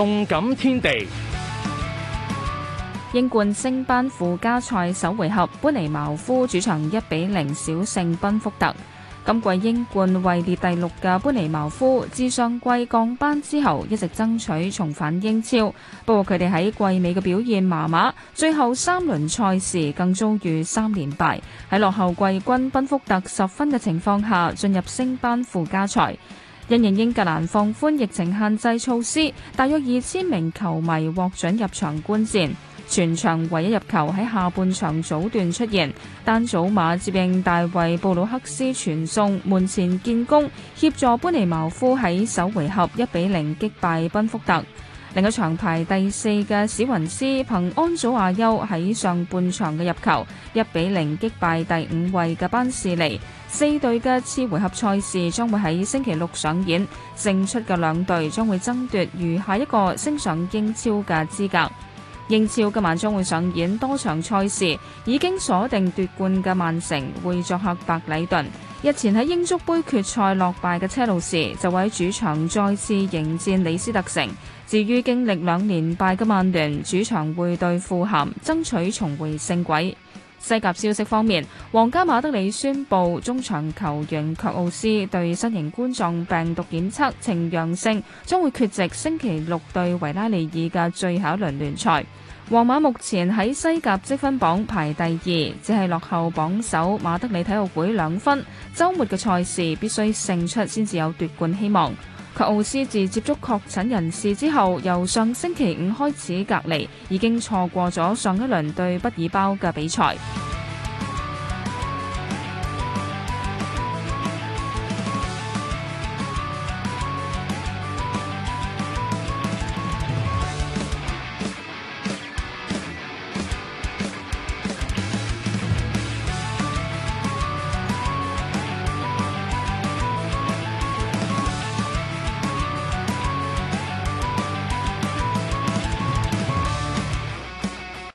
動感天地，英冠升班附加賽首回合，般尼茅夫主場一比零小勝賓福特。今季英冠位列第六嘅般尼茅夫，至上季降班之後一直爭取重返英超，不過佢哋喺季尾嘅表現麻麻，最後三輪賽事更遭遇三連敗，喺落後季軍賓福特十分嘅情況下，進入升班附加賽。因應英格蘭放寬疫情限制措施，大約二千名球迷獲准入場觀戰。全場唯一入球喺下半場早段出現，丹祖馬接應大衛布魯克斯傳送門前建功，協助般尼茅夫喺首回合一比零擊敗賓福特。另一場長排第四嘅史雲斯，憑安祖阿優喺上半場嘅入球，一比零擊敗第五位嘅班士尼。四隊嘅次回合賽事將會喺星期六上演，勝出嘅兩隊將會爭奪餘下一個升上英超嘅資格。英超今晚將會上演多場賽事，已經鎖定奪冠嘅曼城會作客白禮頓。日前喺英足杯決賽落敗嘅車路士就喺主場再次迎戰李斯特城。至於經歷兩連敗嘅曼聯主場會對富咸，爭取重回勝軌。西甲消息方面，皇家馬德里宣布中場球員卻奧斯對新型冠狀病毒檢測呈陽性，將會缺席星期六對維拉利爾嘅最後一輪聯賽。皇馬目前喺西甲積分榜排第二，只係落後榜首馬德里體育會兩分。周末嘅賽事必須勝出先至有奪冠希望。卡奧斯自接觸確診人士之後，由上星期五開始隔離，已經錯過咗上一輪對畢爾包嘅比賽。